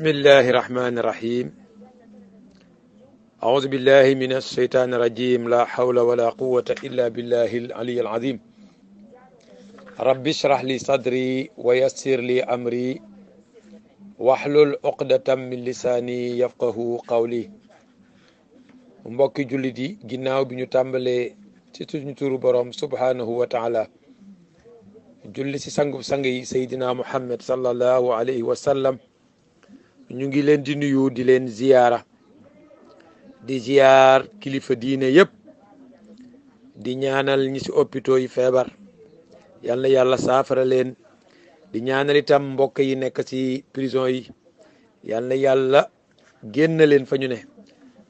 bismillahi rahmaani rahiim audu billahi min alsheytaani irajim la hawla wala quwata illa billahi alaliy alazim rabbi shrah li sadri wa yassir li amri waxlul uqdatan min lisaani yafqahu qawli mbokki jullit yi ginnaaw bi ñu tàmbalee ci suñu turu boroom subhaanahu wa taala julli ci sangub sang yi seydina muhammad sallallahu alayhi wa sallam ñu ngi leen di nuyu di leen ziyaara di ziyaar kilifa diine yëpp di ñaanal ñi ci hôpitaux yi feebar yal na yàlla saafara leen di ñaanal itam mbokk yi nekk ci prison yi yal na yàlla génn leen fa ñu ne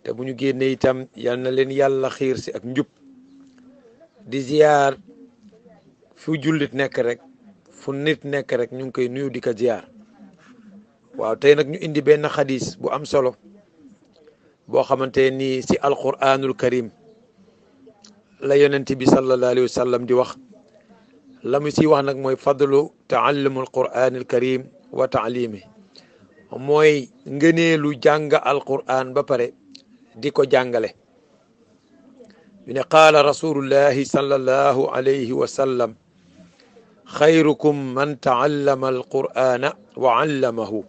te bu ñu génne itam yal na leen yàlla xiir si ak njub di ziyaar fu jullit nekk rek fu nit nekk rek ñu ngi koy nuyu di ko ziyaar waaw tey nag ñu indi benn xadis bu am solo boo xamante ni si alquranul karim la yonent bi sallallahu alayhi wa di wax la mu siy wax nag mooy fadlu taallumul quranil karim wa taalimi mooy ngëneelu jàng alquran ba pare di ko jàngale ñu ne qaala rasulullahi sallallahu alayhi wa sallam man taallama alqur'ana wa allamahu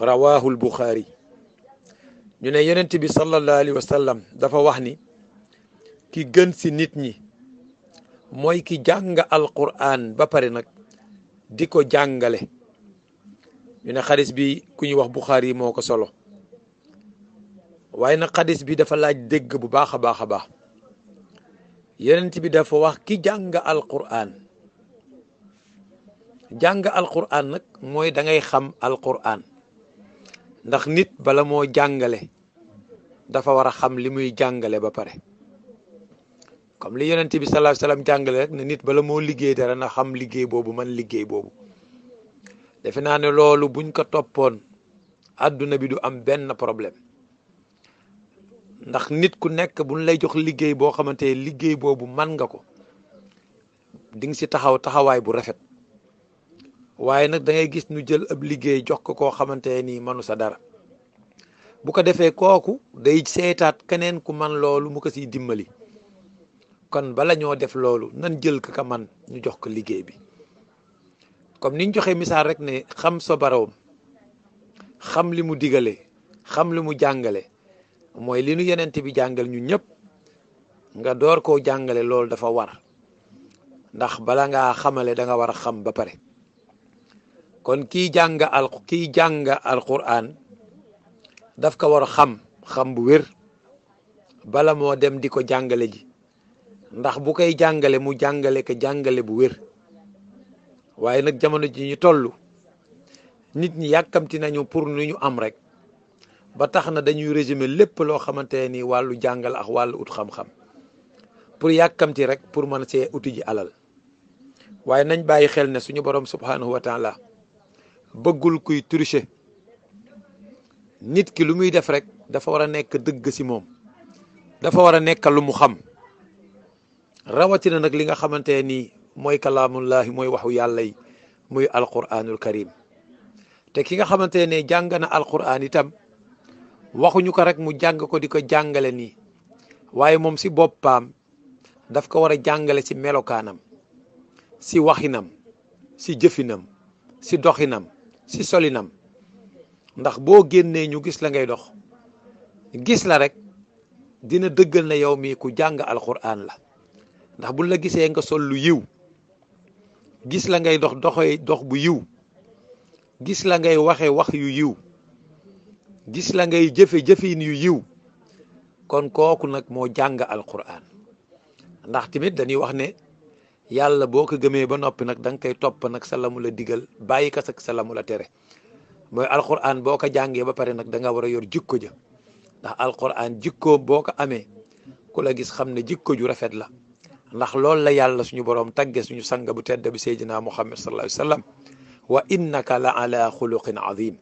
rawaahul buxaari ñu ne yeneent bi sallallahu alayhi sallam dafa wax ni ki gën si nit ñi mooy ki jàng alqur'aan ba pare nag di ko jàngale ñu ne xadis bi ku ñuy wax buxaari yi moo ko solo waaye nag xadis bi dafa laaj dégg bu baax a baax a baax yonent bi dafa wax ki jàng alqur'aan jàng alqur'aan nag mooy da ngay xam alqur'aan ndax nit bala moo jàngale dafa war a xam li muy jàngale ba pare comme li yonent bi sallallahu alayhi jàngale rek ne nit bala moo liggéey dara na xam liggéey boobu man liggéey boobu defe naa ne loolu buñ ko toppoon àdduna bi du am benn problème ndax nit ku nekk buñ lay jox liggéey boo xamante liggéey boobu man nga ko di nga si taxaw taxawaay bu rafet waaye nag dangay gis ñu jël ab liggéey jox ko koo xamante nii mënu sa dara bu ko defee kooku day seetaat keneen ku man loolu mu ko siy dimbali kon bala ñoo def loolu nan jël ko ka man ñu jox ko liggéey bi comme niñ joxe misaal rek ne xam sa barawam xam li mu digale xam li mu jàngale mooy li nu yenent bi jàngal ñu ñëpp nga door koo jàngale loolu dafa war ndax bala ngaa xamale da nga war a xam ba pare kon kii jàng al kii jàng alquran daf ko war a xam xam bu wér bala moo dem di ko jàngale ji ndax bu koy jàngale mu jàngale ko jàngale bu wér waaye nag jamono ji ñu toll nit ñi yàkkamti nañu pour nu ñu am rek ba tax na dañuy résumer lépp loo xamante ni wàllu jàngal ak wàllu ut xam-xam pour yàkkamti rek pour mën see uti ji alal waaye nañ bàyyi xel ne suñu borom subhanahu wa bëggul kuy tricher nit ki lu muy def rek dafa war a nekk dëgg ci moom dafa war a nekk lu mu xam rawatina nag li nga xamante nii mooy kalaamullahi mooy waxu yàlla yi muy alquraanul karim te ki nga xamante ne jàng na alquraan itam waxuñu ko rek mu jàng ko di ko jàngale nii waaye moom ci boppam daf ko war a jàngale ci melokaanam ci waxinam ci jëfinam ci doxinam si solinam ndax boo génnee ñu gis la ngay dox gis la rekk dina dëggal na yow mii ku jàng alxuraan la ndax buñ la gisee nga sol lu yiw gis la ngay dox doxee dox bu yiw gis la ngay waxe wax yu yiw gis la ngay jëfe jëfin yu yiw kon kooku nag moo jàng alxuraan ndax tamit dañuy wax ne yàlla boo ko gemee ba noppi nag danga nga koy topp nag sa lamu la digal bàyyi ko sa lamu la tere mooy alquran boo ko jàngee ba pare nag da nga war a yor jikko ja ndax alquran jikko boo ko amee ku la gis xam ne jikko ju rafet la ndax loolu la yàlla suñu boroom tagge suñu sang bu tedd bi seydina muhammad sallallahu alayhi wa sallam wa innaka la ala xuluqin azim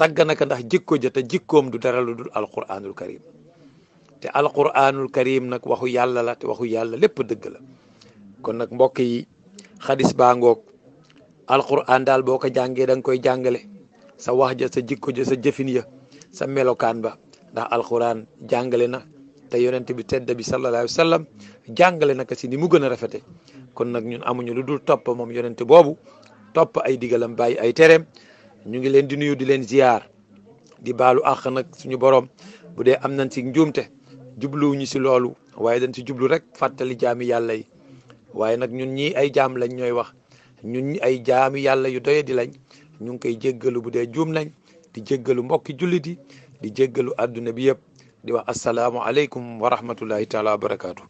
tagg naka ndax jikko ja te jikkoom du dara lu dul alquranul karim te alquranul karim nag waxu yàlla la waxu yàlla lépp dëgg la kon nag mbokk yi xadis baa ngoog alquran daal boo ko jàngee da koy jàngale sa wax ja sa jikko ja sa jëfin ya sa melokaan ba ndax alquran jàngale na te yonent bi tedd bi sallallahu alayhi sallam jàngale na ko si ni mu gën a rafete kon nag ñun amuñu lu dul topp moom yonent boobu topp ay digalam bàyyi ay tereem ñu ngi leen di nuyu di leen ziyaar di baalu àq nag suñu borom bu dee am nañ si njuumte jubluwuñu si loolu waaye dañ si jublu rek fàttali jaami yàlla waaye nag ñun ñii ay jaam lañ ñooy wax ñun ñi ay jaami yàlla yu doye di lañ ñu ngi koy jéggalu bu dee juum nañ di jéggalu mbokki jullit yi di jéggalu àdduna bi yëpp di wax asalaamu aleykum wa rahmatullahi taala wa barakaatu.